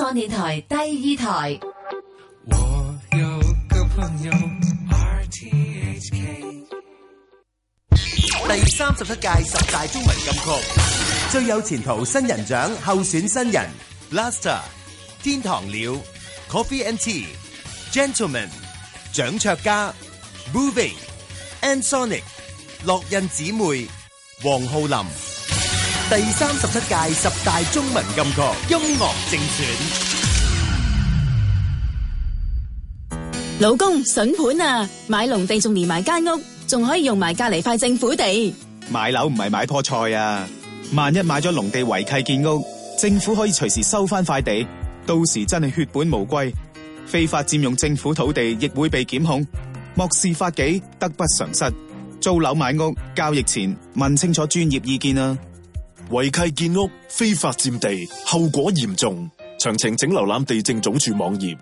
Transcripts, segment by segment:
我電台第二台。第三十七屆十大中文金曲最有前途新人獎候選新人：Blaster、天堂鳥、Coffee and Tea、Gentleman、蔣卓嘉、Movie、Ansonic、樂印姊妹、黃浩林。第三十七屆十大中文金曲音樂正選。老公筍盤啊，買農地仲連埋間屋，仲可以用埋隔籬塊政府地。買樓唔係買棵菜啊！萬一買咗農地違契建屋，政府可以隨時收翻塊地，到時真係血本無歸。非法佔用政府土地亦會被檢控，漠視法紀，得不償失。租樓買屋交易前，問清楚專業意見啊！違契建屋、非法佔地，後果嚴重。詳情請瀏覽地政總署網頁。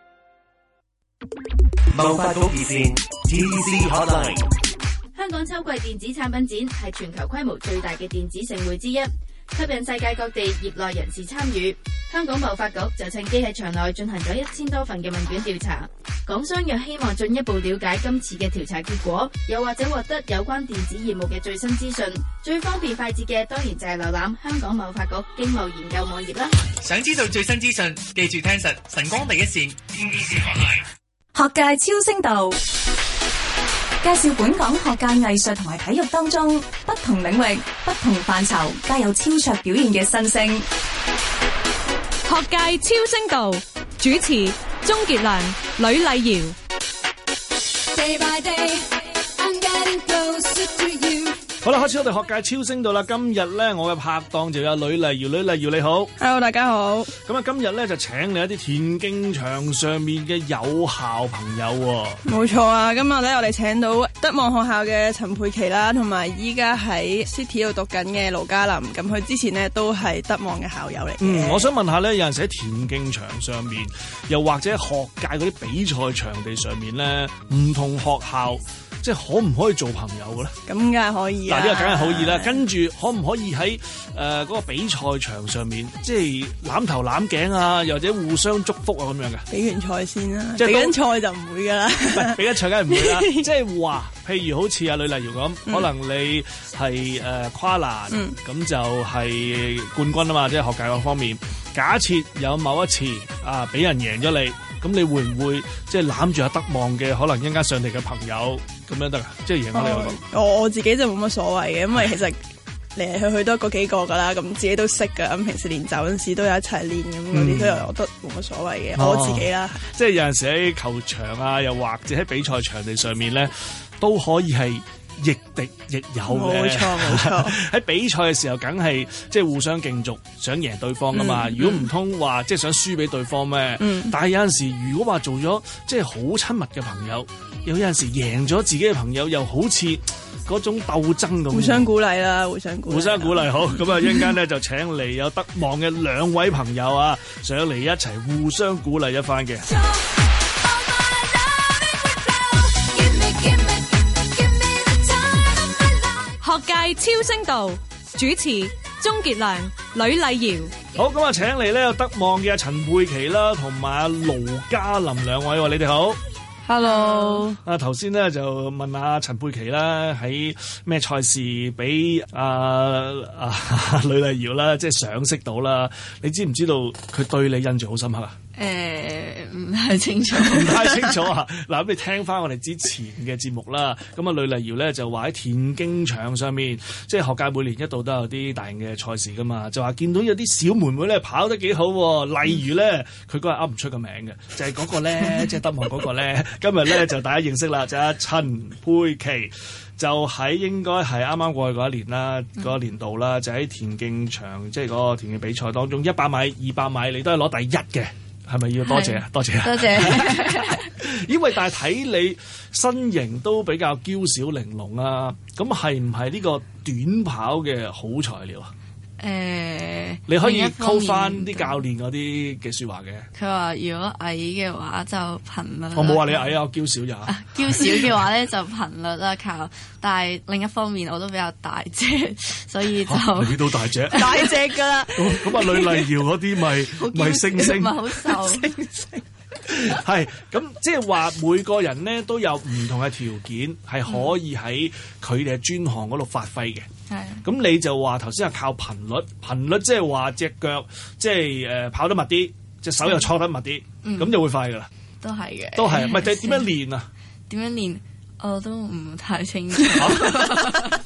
貿發局熱線，TVC hotline。香港秋季電子產品展係全球規模最大嘅電子盛會之一。吸引世界各地業內人士參與，香港貿發局就趁機喺場內進行咗一千多份嘅問捲調查。港商若希望進一步了解今次嘅調查結果，又或者獲得有關電子業務嘅最新資訊，最方便快捷嘅當然就係瀏覽香港貿發局經貿研究網頁啦。想知道最新資訊，記住聽實晨光第一線，文文學界超聲道。介紹本港學界、藝術同埋體育當中不同領域、不同範疇皆有超卓表現嘅新星。學界超星道主持：鍾傑良、呂麗瑤。好啦，開始我哋學界超聲到啦。今日咧，我嘅拍檔就有呂麗瑤，呂麗瑤你好。Hello，大家好。咁啊，今日咧就請嚟一啲田徑場上面嘅有效朋友。冇錯啊，今日咧我哋請到德望學校嘅陳佩琪啦，同埋依家喺 City 度讀緊嘅盧嘉琳。咁佢之前咧都係德望嘅校友嚟。嗯，我想問下咧，有陣時喺田徑場上面，又或者學界嗰啲比賽場地上面咧，唔同學校。即係可唔可以做朋友嘅咧？咁梗係可以啊！嗱，呢個梗係可以啦。跟住可唔可以喺誒嗰個比賽場上面，即係攬頭攬頸啊，又或者互相祝福啊，咁樣嘅、啊？比完賽先啦，比緊賽就唔會噶啦。比緊賽梗係唔會啦。 即係話，譬如好似阿呂麗瑤，例如咁，可能你係誒、呃、跨欄，咁就係冠軍啊嘛，即係學界嗰方面。假設有某一次啊，俾人贏咗你。咁你會唔會即係攬住阿德望嘅可能一間上嚟嘅朋友咁樣得、就是、啊？即係贏翻你我哋？我我自己就冇乜所謂嘅，因為其實嚟嚟去去都嗰幾個噶啦，咁自己都識噶，咁平時練球嗰陣時都有一齊練咁嗰啲，嗯、我都我都冇乜所謂嘅，啊、我自己啦。即係有陣時喺球場啊，又或者喺比賽場地上面咧，都可以係。亦敵亦友，冇錯冇錯。喺 比賽嘅時候，梗係即係互相競逐，想贏對方噶嘛。如果唔通話即係想輸俾對方咩？但係有陣時，如果話做咗即係好親密嘅朋友，有有陣時贏咗自己嘅朋友，又好似嗰種鬥爭咁。互相鼓勵啦，互相鼓勵。互相鼓勵好，咁啊 一陣間咧就請嚟有德望嘅兩位朋友啊，上嚟一齊互相鼓勵一番嘅。各界超聲道主持鍾杰亮、呂麗瑤，好，咁啊，請嚟咧得望嘅陳佩琪啦，同埋啊盧嘉林兩位，你哋好，hello，啊頭先咧就問下陳佩琪啦，喺咩賽事俾阿阿呂麗瑤啦，即係賞識到啦，你知唔知道佢對你印象好深刻啊？誒唔太清楚，唔 太清楚啊！嗱、啊，咁你聽翻我哋之前嘅節目啦。咁啊，呂麗瑤咧就話喺田徑場上面，即、就、係、是、學界每年一度都有啲大型嘅賽事噶嘛。就話見到有啲小妹妹咧跑得幾好、啊，例如咧佢嗰日噏唔出個名嘅，就係、是、嗰個咧， 即係德望嗰個咧，今日咧就大家認識啦，就阿、是、陳佩琪，就喺應該係啱啱過去嗰一年啦，嗰個年度啦，就喺田徑場即係嗰個田徑比賽當中，一百米、二百米，你都係攞第一嘅。係咪要多謝啊？多謝啊！多謝，因為但係睇你身形都比較嬌小玲瓏啊，咁係唔係呢個短跑嘅好材料啊？誒，欸、你可以 call 翻啲教練嗰啲嘅説話嘅。佢話如果矮嘅話就頻率我。我冇話你矮啊，我嬌小嘅。嬌小嘅話咧就頻率啦靠，但係另一方面我都比較大隻，所以就都、啊、大隻， 大隻噶啦。咁 啊、哦嗯，呂麗瑤嗰啲咪咪星星，唔係好瘦星星。 係，咁 即係話每個人咧都有唔同嘅條件，係可以喺佢哋嘅專項嗰度發揮嘅。係、嗯，咁你就話頭先係靠頻率，頻率即係話隻腳即係誒跑得密啲，隻手又搓得密啲，咁、嗯、就會快噶啦。都係嘅，都係是，唔係點樣練啊？點樣練？我都唔太清楚，啊。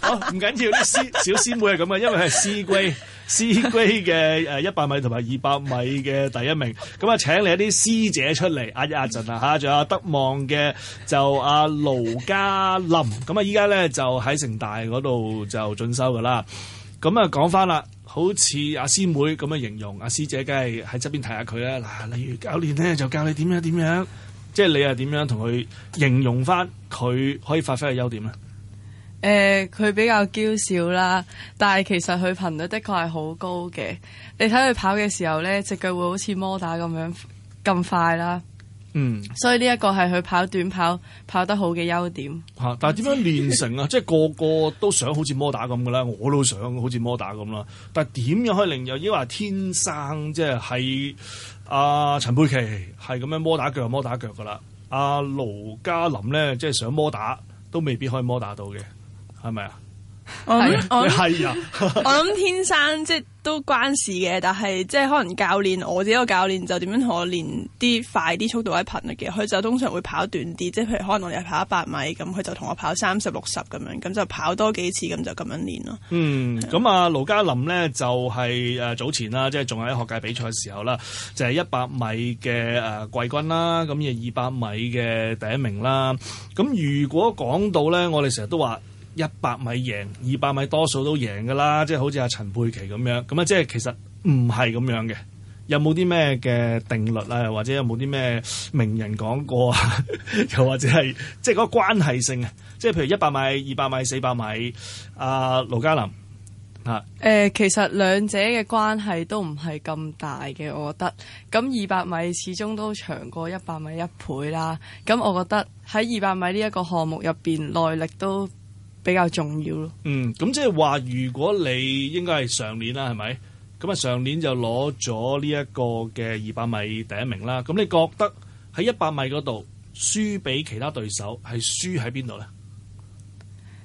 好唔緊要，師 小師妹係咁啊，因為係師龜師龜嘅誒一百米同埋二百米嘅第一名。咁、嗯、啊，請你一啲師姐出嚟壓一壓陣啊吓，仲有德望嘅就阿、啊、盧嘉琳。咁、嗯、啊，依家咧就喺城大嗰度就進修噶啦。咁、嗯、啊，講翻啦，好似阿師妹咁樣形容，阿師姐梗係喺側邊睇下佢啦。嗱、啊，例如教練咧就教你點樣點樣。即係你係點樣同佢形容翻佢可以發揮嘅優點咧？誒、呃，佢比較嬌小啦，但係其實佢頻率的確係好高嘅。你睇佢跑嘅時候咧，隻腳會好似摩打咁樣咁快啦。嗯，所以呢一個係佢跑短跑跑得好嘅優點。吓、啊，但係點樣練成啊？ 即係個個都想好似摩打咁嘅啦，我都想好似摩打咁啦。但係點樣可以令又？因為天生即係。阿、啊、陳佩琪係咁樣摩打腳、摩打腳㗎喇，阿、啊、盧嘉琳咧，即係想摩打都未必可以摩打到嘅，係咪啊？我諗係啊，的我諗想是 天生即係都關事嘅，但係即係可能教練，我自己個教練就點樣同我練啲快啲速度或者頻率嘅，佢就通常會跑短啲，即係譬如可能我哋係跑一百米，咁佢就同我跑三十六十咁樣，咁就跑多幾次，咁就咁樣練咯。嗯，咁啊盧嘉琳咧就係、是、誒、呃、早前啦，即係仲喺學界比賽嘅時候、就是呃、啦，就係一百米嘅誒季軍啦，咁就二百米嘅第一名啦。咁如果講到咧，我哋成日都話。一百米贏二百米，多數都贏噶啦，即係好似阿陳佩琪咁樣咁啊。即係其實唔係咁樣嘅，有冇啲咩嘅定律啊？或者有冇啲咩名人講過啊？ 又或者係即係嗰個關係性即啊？即係譬如一百米、二百米、四百米。阿盧嘉林啊，誒、呃，其實兩者嘅關係都唔係咁大嘅，我覺得咁二百米始終都長過一百米一倍啦。咁我覺得喺二百米呢一個項目入邊，耐力都比較重要咯。嗯，咁即係話，如果你應該係上年啦，係咪？咁啊，上年就攞咗呢一個嘅二百米第一名啦。咁你覺得喺一百米嗰度輸俾其他對手，係輸喺邊度呢？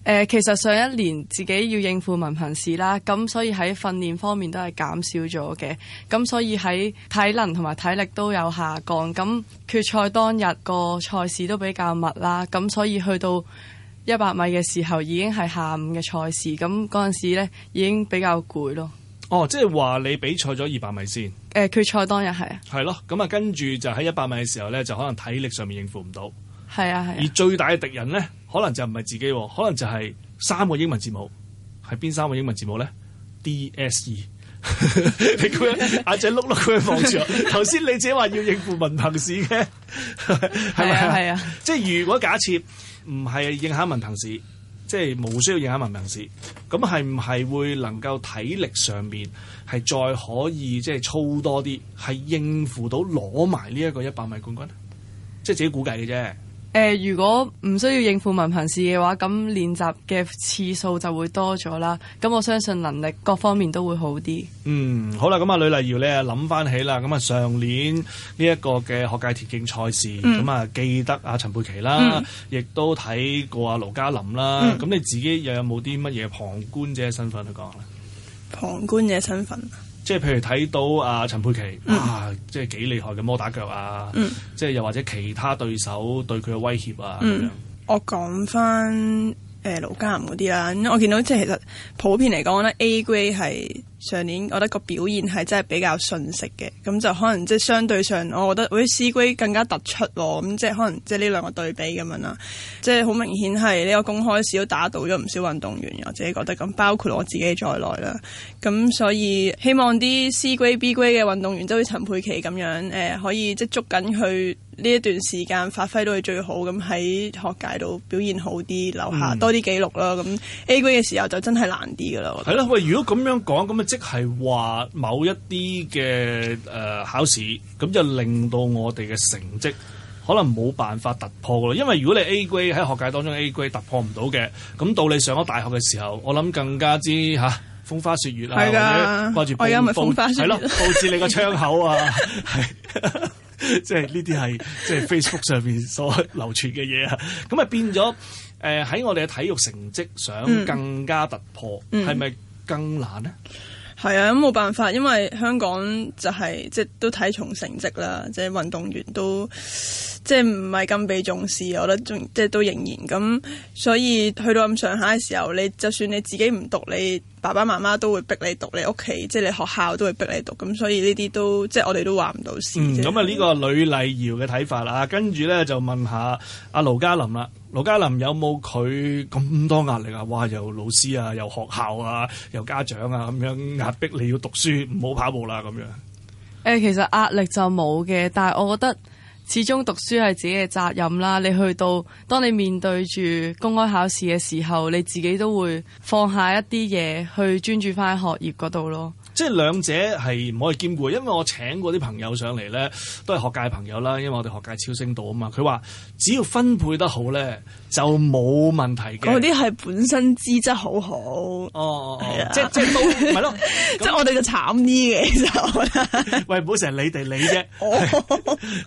誒、呃，其實上一年自己要應付文憑試啦，咁所以喺訓練方面都係減少咗嘅，咁所以喺體能同埋體力都有下降。咁決賽當日個賽事都比較密啦，咁所以去到。一百米嘅時候已經係下午嘅賽事，咁嗰陣時咧已經比較攰咯。哦，即係話你比賽咗二百米先？誒，決賽當日係啊。係咯，咁啊，跟住就喺一百米嘅時候咧，就可能體力上面應付唔到。係啊，係。而最大嘅敵人咧，可能就唔係自己，可能就係三個英文字母，係邊三個英文字母咧？DSE，你咁眼仔碌碌咁樣望住我。頭先你自己話要應付文憑試嘅，係咪啊？係啊，即係如果假設。唔係影響文憑試，即係冇需要影響文憑試。咁係唔係會能夠體力上面係再可以即係、就是、操多啲，係應付到攞埋呢一個一百米冠軍？即係自己估計嘅啫。誒，如果唔需要應付文憑試嘅話，咁練習嘅次數就會多咗啦。咁我相信能力各方面都會好啲。嗯，好啦，咁、呃、啊，呂麗瑤咧諗翻起啦，咁、呃、啊上年呢一個嘅學界田徑賽事，咁啊、嗯呃、記得阿陳佩琪、嗯、啦，亦都睇過阿盧嘉琳啦。咁、嗯、你自己又有冇啲乜嘢旁觀者身份去講咧？旁觀者身份。即係譬如睇到啊陳佩琪，嗯、哇！即係幾厲害嘅摩打腳啊！嗯、即係又或者其他對手對佢嘅威脅啊咁、嗯、樣我講翻誒盧嘉琳嗰啲啊，我見到即係其實普遍嚟講咧，A Grade 係，上年我覺得個表現係真係比較遜色嘅，咁就可能即係相對上，我覺得我啲 C grade 更加突出咯，咁即係可能即係呢兩個對比咁樣啦，即係好明顯係呢個公開試都打倒咗唔少運動員，我自己覺得咁，包括我自己在內啦。咁所以希望啲 C grade B grade 嘅運動員都好似陳佩琪咁樣誒、呃、可以即係捉緊佢呢一段時間發揮到佢最好，咁喺學界度表現好啲，留下多啲記錄啦。咁、嗯、A grade 嘅時候就真係難啲㗎啦。係啦，喂，如果咁樣講，咁即係話某一啲嘅誒考試，咁就令到我哋嘅成績可能冇辦法突破咯。因為如果你 A grade 喺學界當中 A grade 突破唔到嘅，咁到你上咗大學嘅時候，我諗更加之吓、啊、風花雪月啊，的或者掛住報報係咯，報紙你個窗口啊，係即係呢啲係即係 Facebook 上面所流傳嘅嘢啊。咁啊變咗誒喺我哋嘅體育成績想更加突破，係咪、嗯、更難呢？ 係啊，咁冇辦法，因為香港就係、係、即係都睇重成績啦，即係運動員都。即係唔係咁被重視，我覺得即係都仍然咁。所以去到咁上下嘅時候，你就算你自己唔讀，你爸爸媽媽都會逼你讀，你屋企即係你學校都會逼你讀。咁所以呢啲都即係我哋都話唔到先。咁、嗯、吧啊，呢個呂麗瑤嘅睇法啦，跟住咧就問下阿盧嘉琳啦。盧嘉琳有冇佢咁多壓力啊？哇！又老師啊，又學校啊，又家長啊，咁樣壓迫你要讀書，唔好跑步啦咁樣。誒，其實壓力就冇嘅，但係我覺得。始終讀書係自己嘅責任啦。你去到，當你面對住公開考試嘅時候，你自己都會放下一啲嘢去專注翻學業嗰度咯。即係兩者係唔可以兼顧，因為我請過啲朋友上嚟咧，都係學界朋友啦，因為我哋學界超升到啊嘛。佢話只要分配得好咧，就冇問題嘅。嗰啲係本身資質好好，哦，啊、即係即係冇，係 咯，即係我哋就慘啲嘅。其實我覺得，喂，唔好成日你哋理啫，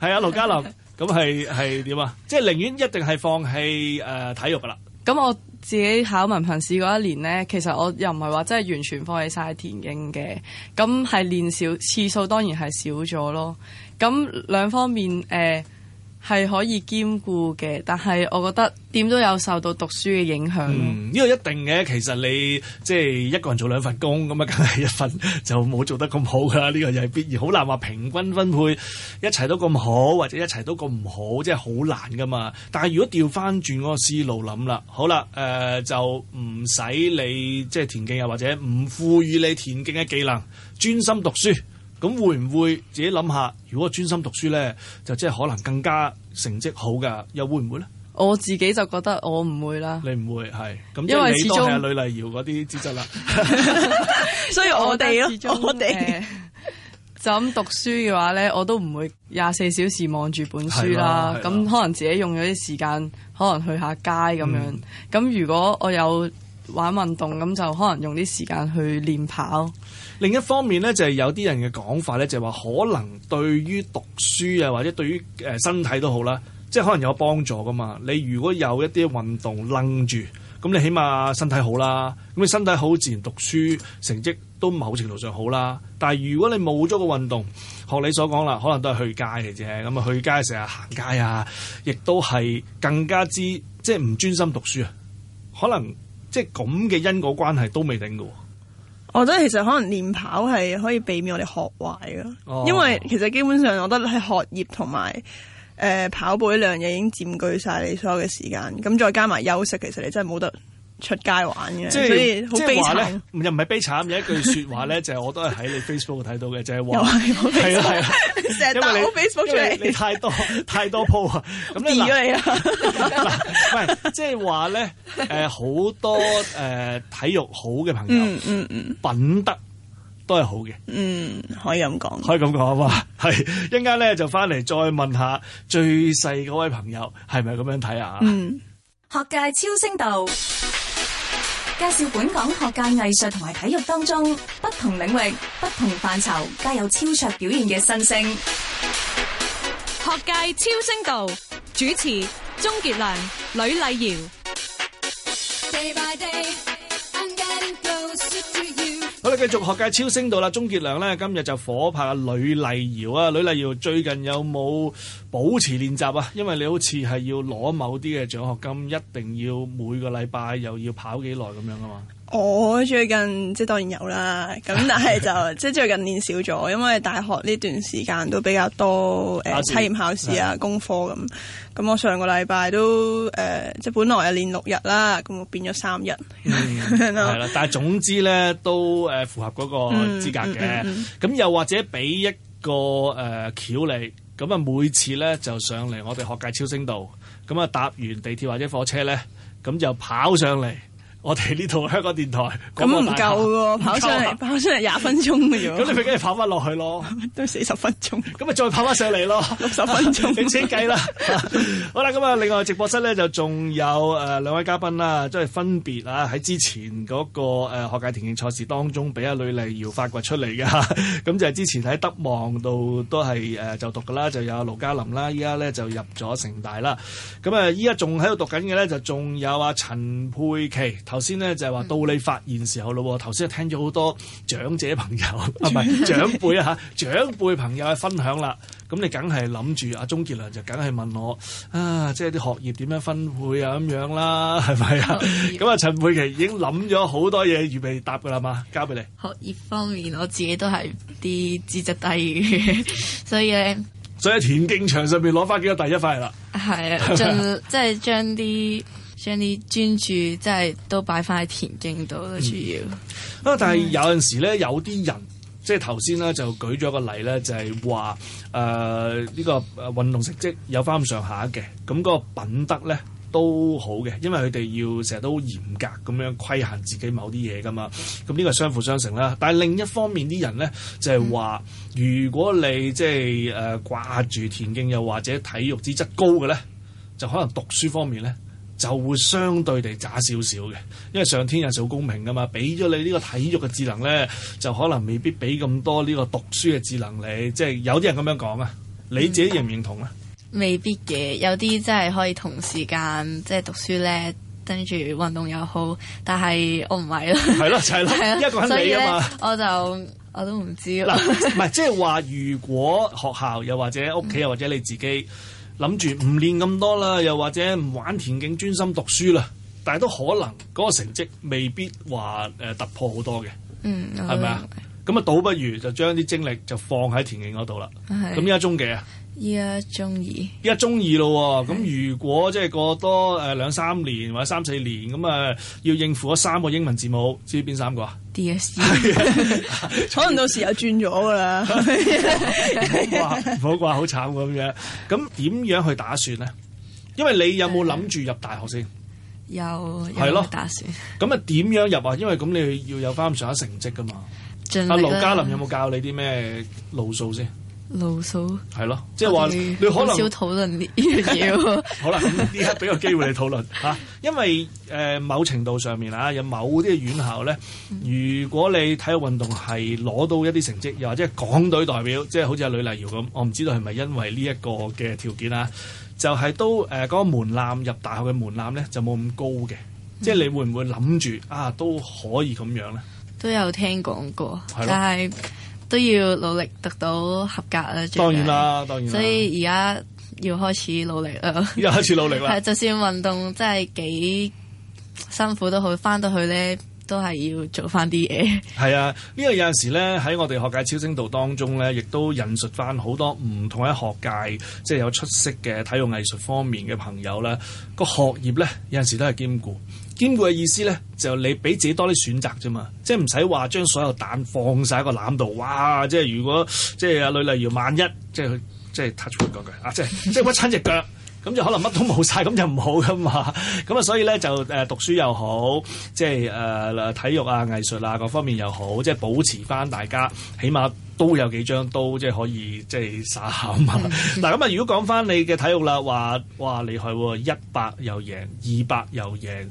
係 啊， 盧嘉琳，咁係係點啊？即、就、係、是、寧願一定係放棄誒、呃呃呃、體育㗎喇。咁我自己考文憑試嗰一年呢，其實我又唔係話真係完全放棄晒田徑嘅，咁係練少次數，當然係少咗咯，咁兩方面誒，呃係可以兼顧嘅，但係我覺得點都有受到讀書嘅影響。呢、嗯呢個一定嘅，其實你即係一個人做兩份工咁啊，梗係一份就冇做得咁好噶啦。呢、呢個又係必然，好難話平均分配一，一齊都咁好或者一齊都咁唔好，即係好難噶嘛。但係如果調翻轉嗰個思路諗啦，好啦，誒、呃、就唔使你即係田徑又或者唔賦予你田徑嘅技能，專心讀書。咁會唔會自己諗下？如果我專心讀書咧，就即係可能更加成績好噶，又會唔會咧？我自己就覺得我唔會啦。你唔會係？因為當始終係呂麗瑤嗰啲資質啦，所以我哋咯，我、呃、哋、呃、就咁讀書嘅話咧，我都唔會廿四小時望住本書啦。咁、啊啊、可能自己用咗啲時間，可能去下街咁樣。咁、嗯、如果我有。玩運動咁就可能用啲時間去練跑。另一方面呢，就係、是、有啲人嘅講法呢，就話、是、可能對於讀書啊，或者對於誒、呃、身體都好啦，即係可能有幫助㗎嘛。你如果有一啲運動楞住，咁你起碼身體好啦。咁你身體好，自然讀書成績都某程度上好啦。但係如果你冇咗個運動，學你所講啦，可能都係去街嘅啫。咁啊，去街成日行街啊，亦都係更加之即係唔專心讀書啊，可能。即係咁嘅因果關係都未定嘅，我覺得其實可能練跑係可以避免我哋學壞咯，因為其實基本上我覺得係學業同埋誒跑步呢兩樣嘢已經佔據晒你所有嘅時間，咁再加埋休息，其實你真係冇得。出街玩嘅，即係所以好悲慘。又唔係悲慘，有一句說話咧，就係我都係喺你 Facebook 睇到嘅，就係話係啦，成日 download Facebook 出嚟，你太多太多 post 啊，咁 D 咗你啊？喂，即係話咧，誒，好多誒體育好嘅朋友，品德都係好嘅，嗯，可以咁講，可以咁講啊嘛，係一陣間咧就翻嚟再問下最細嗰位朋友係咪咁樣睇啊？嗯，學界超聲道。介紹本港學界、藝術同埋體育當中不同領域、不同範疇皆有超卓表現嘅新星。學界超星道主持：鍾傑良、呂麗瑤。好喇，繼續學界超聲道啦，鍾傑良呢今日就夥拍阿呂麗瑤啊，呂麗瑤最近有冇保持練習啊？因為你好似係要攞某啲嘅獎學金，一定要每個禮拜又要跑幾耐咁樣噶嘛。我最近即係當然有啦，咁但係就即係最近練少咗，因為大學呢段時間都比較多誒，測驗考試試啊，呃試嗯、功課咁。咁我上個禮拜都誒、呃，即係本來係練六日啦，咁我變咗三日。係啦，但係總之咧都誒符合嗰個資格嘅。咁、嗯嗯嗯、又或者俾一個誒橋，嚟，咁、呃、啊每次咧就上嚟我哋學界超聲度，咁啊搭完地鐵或者火車咧，咁就跑上嚟。我哋呢套香港電台咁唔夠喎，夠跑上嚟跑上嚟廿分鐘嘅啫，咁你咪梗係跑翻落去咯，都四十分鐘，咁咪再跑翻上嚟咯，六十分鐘， 你先計啦。 好啦，咁啊，另外直播室咧就仲有誒兩位嘉賓啦，即係分別啊喺之前嗰個誒學界田徑賽事當中，俾阿呂麗瑤發掘出嚟嘅，咁 就係之前喺德望度都係誒就讀嘅啦，就有阿盧嘉琳啦，依家咧就入咗城大啦，咁啊依家仲喺度讀緊嘅咧，就仲有阿陳佩琪。頭先咧就係話到你發言時候咯，頭先、嗯、聽咗好多長者朋友，唔係 長輩啊嚇，長輩朋友嘅分享啦，咁你梗係諗住阿鍾傑良就梗係問我啊，即係啲學業點樣分配啊咁樣啦，係咪啊？咁啊，業陳佩琪已經諗咗好多嘢預備答㗎啦嘛，交俾你。學業方面，我自己都係啲資質低嘅，所以咧。所以喺田徑場上邊攞翻幾個第一塊啦。係啊，盡即係將啲，就是將專注即係都擺翻喺田徑度咯，主要，嗯、啊。但係有陣時咧，有啲人即係頭先咧，就舉咗個例咧，就係話誒呢個誒運、呃、動成績有翻咁上下嘅，咁嗰個品德咧都好嘅，因為佢哋要成日都嚴格咁樣規限自己某啲嘢噶嘛。咁呢個相輔相成啦。但係另一方面啲人咧，就係、是、話、嗯、如果你即係誒掛住田徑，又或者體育資質高嘅咧，就可能讀書方面咧。就會相對地差少少嘅，因為上天也是好公平噶嘛，俾咗你呢個體育嘅智能咧，就可能未必俾咁多呢個讀書嘅智能你，即係有啲人咁樣講啊，你自己認唔認同啊、嗯？未必嘅，有啲真係可以同時間即係讀書咧，跟住運動又好，但係我唔係咯，係咯就係咯，的一個人你啊嘛，我就我都唔知啦，唔係 即係話如果學校又或者屋企又或者你自己。嗯諗住唔練咁多啦，又或者唔玩田徑，專心讀書啦，但係都可能嗰個成績未必話誒突破好多嘅，係咪啊？咁啊，嗯、倒不如就將啲精力就放喺田徑嗰度啦。咁依家鍾記啊！依家、yeah, 中二，依家中二咯喎，咁如果即係過多誒兩三年或者三四年，咁啊要應付咗三個英文字母，知邊三個啊？D S，可能到時又轉咗噶啦，好 啩， 好啩，好慘咁樣。咁點樣去打算咧？因為你有冇諗住入大學先？有係咯，打算。咁啊，點樣入啊？因為咁你要有翻上一成績噶嘛。阿盧嘉琳有冇教你啲咩路數先？盧嫂係咯，即係話你可能少討論呢樣嘢。 好啦，呢刻俾個機會你討論吓，因為誒、呃、某程度上面啊，有某啲院校咧，如果你體育運動係攞到一啲成績，又或者係港隊代表，即係好似阿呂麗瑤咁，我唔知道係咪因為呢一個嘅條件啊，就係、是、都誒嗰個門檻入大學嘅門檻咧，就冇咁高嘅，即係你會唔會諗住啊都可以咁樣咧？都有聽講過,過，對咯 但係。都要努力得到合格啊！當然啦，當然。所以而家要開始努力啦。而家開始努力啦。係， 就算運動真係幾辛苦都好，翻到去咧都係要做翻啲嘢。係啊，因為有陣時咧喺我哋學界超新星當中咧，亦都引述翻好多唔同喺學界即係有出色嘅體育藝術方面嘅朋友咧，個學業咧有陣時都係兼顧。兼顧嘅意思咧，就係、你俾自己多啲選擇啫嘛，即係唔使話將所有蛋放晒喺個籃度。哇！即係如果即係阿女例如萬一即係即係踢出嚟講句，啊 即係即係屈親隻腳。咁就可能乜都冇晒，咁就唔好噶嘛。咁啊，所以咧就誒、呃、讀書又好，即係誒、呃、體育啊、藝術啊各方面又好，即係保持翻大家起碼都有幾張刀，即係可以即係耍下嘛。嗱、嗯，咁啊，如果講翻你嘅體育啦，話哇，你係厲害，一百又贏，二百又贏，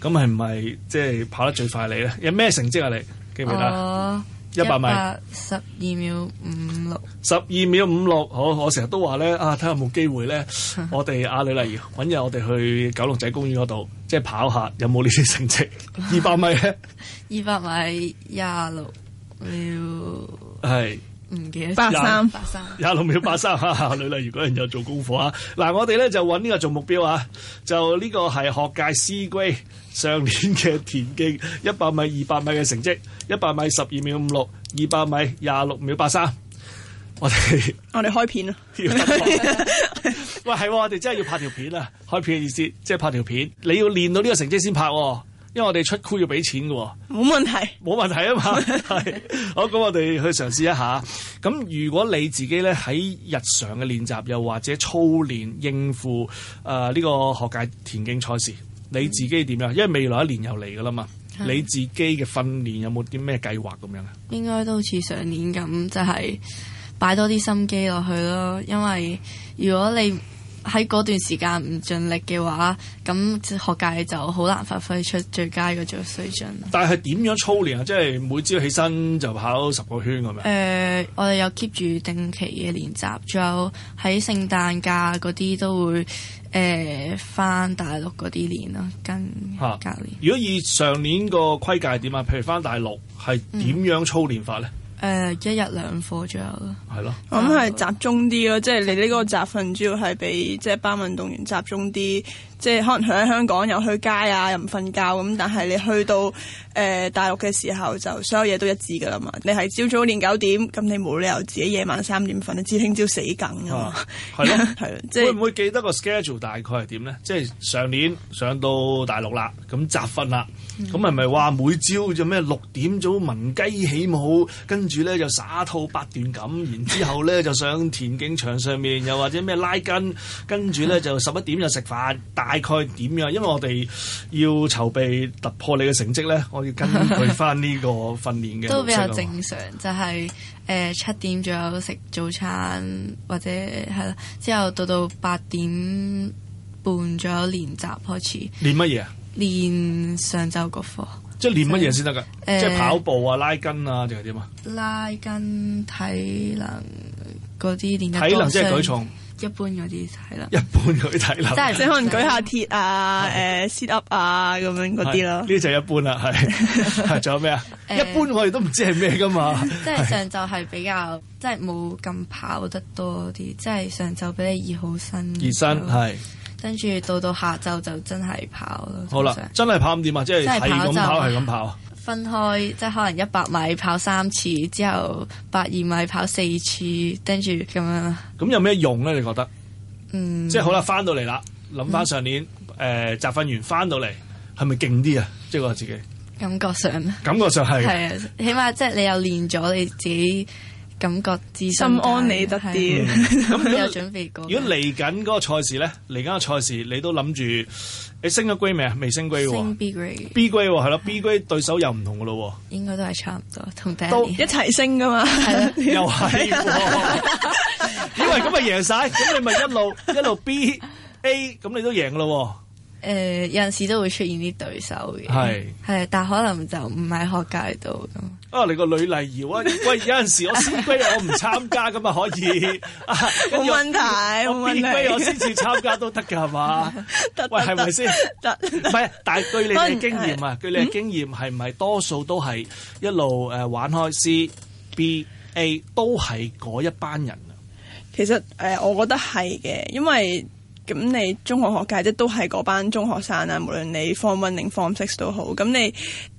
咁係唔係即係跑得最快你咧？有咩成績啊？你記唔記得、呃一百米，十二秒五六。十二秒五六，好，我成日都話咧，啊，睇、 啊、下有冇機會咧，我哋阿呂麗瑤搵日我哋去九龍仔公園嗰度，即係跑下，有冇呢啲成績？二百米咧，二百米廿六秒，係。唔記得八三八三廿六秒八三吓，呂麗瑤如果有人有做功課 啊！嗱，我哋咧就揾呢個做目標啊！就呢個係學界 C grade 上年嘅田徑一百米,米、二百米嘅成績，一百米十二秒五六，二百米廿六秒八三。我哋我哋開片啊，喂，係我哋真係要拍條片啊！開片嘅意思即係、就是、拍條片，你要練到呢個成績先拍、啊。因為我哋出庫要俾錢嘅，冇問題，冇問題啊嘛。係， 好，咁我哋去嘗試一下。咁如果你自己咧喺日常嘅練習，又或者操練應付誒呢、呃呢個學界田徑賽事，你自己點樣？因為未來一年又嚟噶啦嘛，嗯、你自己嘅訓練有冇啲咩計劃咁樣咧？應該都好似上年咁，就係、是、擺多啲心機落去咯。因為如果你喺嗰段時間唔盡力嘅話，咁學界就好難發揮出最佳嘅最水準。但係點樣操練啊？即係每朝起身就跑十個圈咁樣？誒、呃，我哋有 keep 住定期嘅練習，仲有喺聖誕假嗰啲都會誒返、呃、大陸嗰啲練咯，跟教練、啊。如果以上年個規界點啊？譬如返大陸係點樣操練法咧？嗯誒、uh，一日兩課左右咯，係咯，咁係集中啲咯，即係你呢個集訓主要係俾即係班運動員集中啲。即係可能佢喺香港又去街啊，又唔瞓覺咁，但係你去到誒、呃、大陸嘅時候就，就所有嘢都一致㗎啦嘛。你係朝早練九點，咁你冇理由自己夜晚三點瞓，你知聽朝死梗㗎嘛？係咯、啊，係咯，即係 的會唔會記得個 schedule 大概係點咧？即係 上年上到大陸啦，咁集訓啦，咁係咪話每朝就咩六點早聞雞起舞，跟住咧就耍套八段錦，然之後咧就上田徑場上面，又或者咩拉筋，跟住咧就十一點就食飯 大概點樣？因為我哋要籌備突破你嘅成績咧，我要跟佢返呢個訓練嘅。都比較正常，就係誒七點左右食早餐，或者係啦，之後到到八點半左右練習開始。練乜嘢啊？練上晝嗰課。即係練乜嘢先得㗎？就係呃、即係跑步啊、拉筋啊，定係點啊？拉筋、體能嗰啲練習。體能即係舉重。一般嗰啲就係啦，一般嗰啲睇啦，即係你可能舉下鐵啊、誒 sit up 啊咁樣嗰啲咯。呢啲就一般啦，係係仲有咩啊？一般我哋都唔知係咩噶嘛。即係上晝係比較即係冇咁跑得多啲，即係上晝俾你熱好身。熱身係。跟住到到下晝就真係跑咯。好啦，真係跑唔掂啊！即係係咁跑，係咁跑。分開即係可能一百米跑三次之後百二米跑四次，跟住咁樣。咁有咩用咧？你覺得？嗯，即係好啦，翻到嚟啦，諗翻上年誒、嗯呃，集訓完翻到嚟係咪勁啲啊？即係、就是、我自己感覺上，感覺上係係啊，起碼即係你又練咗你自己。感覺自信心安理得啲，咁有準備過？如果嚟緊嗰個賽事咧，嚟緊個賽事你都諗住，你升咗 grade 未啊？未升 grade，升 B grade，B grade 係咯，B grade 對手又唔同噶咯， 應該都係差唔多，同第一一齊升噶嘛，係咯，又係。哦，因為咁咪贏晒，咁 你咪一路一路 B A，咁你都贏噶咯。.誒、呃，有陣時都會出現啲對手嘅，係係是，但可能就唔係學界度咁。啊，你個呂麗瑤啊，喂，有陣時我 C 規 我唔參加咁啊，可以冇、 啊、問題，我，問題我 B 規我先至參加都得嘅係嘛？喂、 嗯，係咪先？得，唔、嗯、係，嗯、但係據你嘅經驗啊，據你嘅經驗係唔係多數都係一路誒、呃、玩開 C、B、A 都係嗰一班人啊？其實誒、呃，我覺得係嘅，因為。咁你中學學界即都係嗰班中學生啊，無論你 Form One 定 Form Six 都好。咁你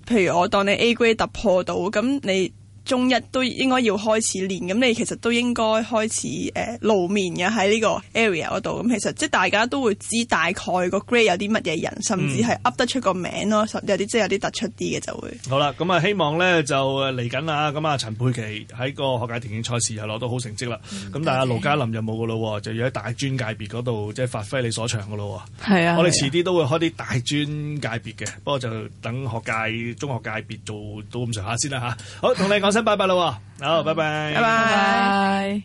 譬如我當你 A Grade 突破到，咁你。中一都應該要開始練，咁你其實都應該開始誒、呃、露面嘅喺呢個 area 嗰度。咁其實即係大家都會知大概個 grade 有啲乜嘢人，甚至係噏得出個名咯。有啲即係有啲突出啲嘅就會。嗯、好啦，咁、嗯、啊希望咧就嚟緊啦。咁、嗯、啊陳佩琪喺個學界田徑賽事又攞到好成績啦。咁、嗯、但係啊盧嘉琳就冇㗎咯，就要喺大專界別嗰度即係發揮你所長㗎咯。係啊，我哋遲啲都會開啲大專界別嘅，不過就等學界、中學界別做到咁上下先啦吓，好，同你講。先拜拜了喎，好，拜拜，拜拜。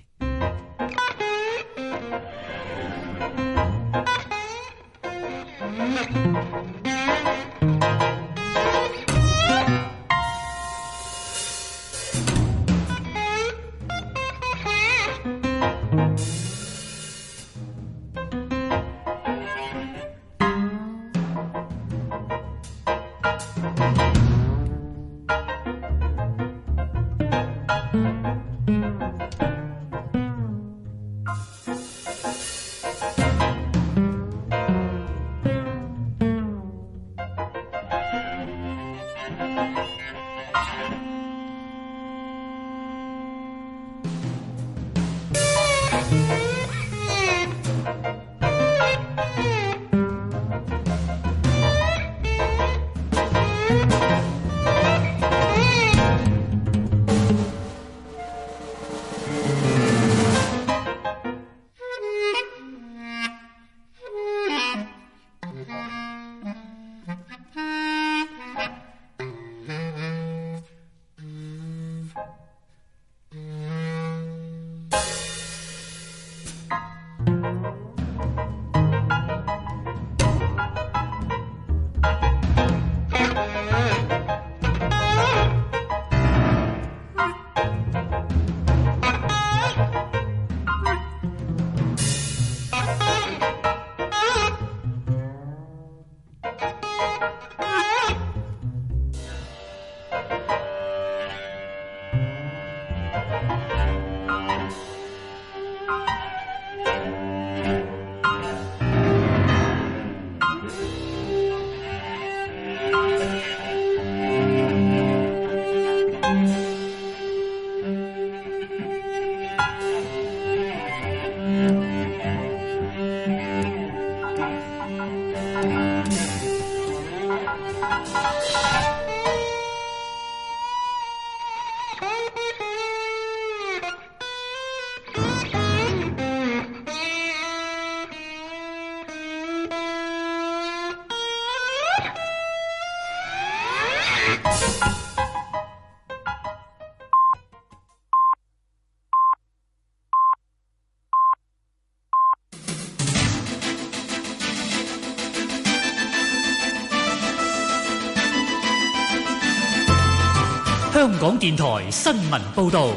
電台新聞報道：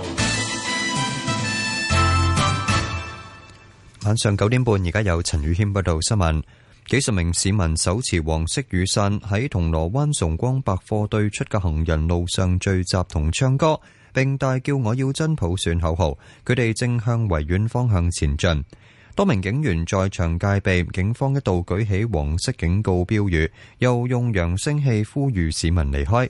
晚上九點半，而家有陳宇謙報道新聞。幾十名市民手持黃色雨傘，喺銅鑼灣崇光百貨對出嘅行人路上聚集同唱歌，並大叫我要真普選口號。佢哋正向維園方向前進。多名警員在場戒備，警方一度舉起黃色警告標語，又用揚聲器呼籲市民離開。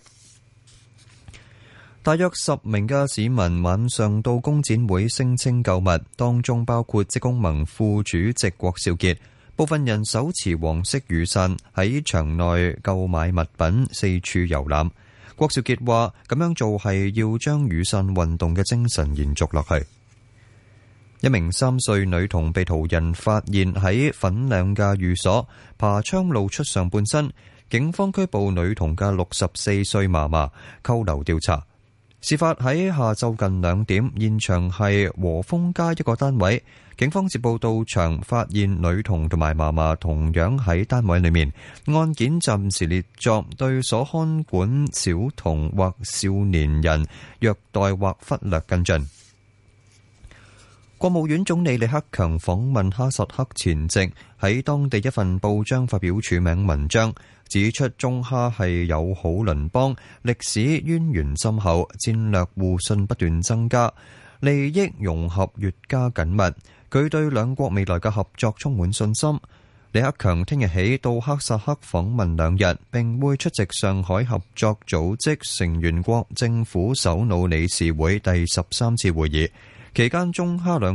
大約十名嘅市民晚上到工展會聲稱購物，當中包括職工盟副主席郭少傑。部分人手持黃色雨傘喺場內購買物品，四處遊覽。郭少傑話：咁樣做係要將雨傘運動嘅精神延續落去。一名三歲女童被途人發現喺粉嶺嘅寓所，爬窗露出上半身，警方拘捕女童嘅六十四歲嫲嫲，扣留調查。事發喺下晝近兩點，現場係和風街一個單位，警方接報到場，發現女童同埋嫲嫲同樣喺單位裏面，案件暫時列作對所看管小童或少年人虐待或忽略跟進。國務院總理李克強訪問哈薩克前夕，喺當地一份報章發表署名文章，指出中哈係友好鄰邦，歷史淵源深厚，戰略互信不斷增加，利益融合越加緊密。佢對兩國未來嘅合作充滿信心。李克強聽日起到哈薩克訪問兩日，並會出席上海合作組織成員國政府首腦理事會第十三次會議。期間，中哈兩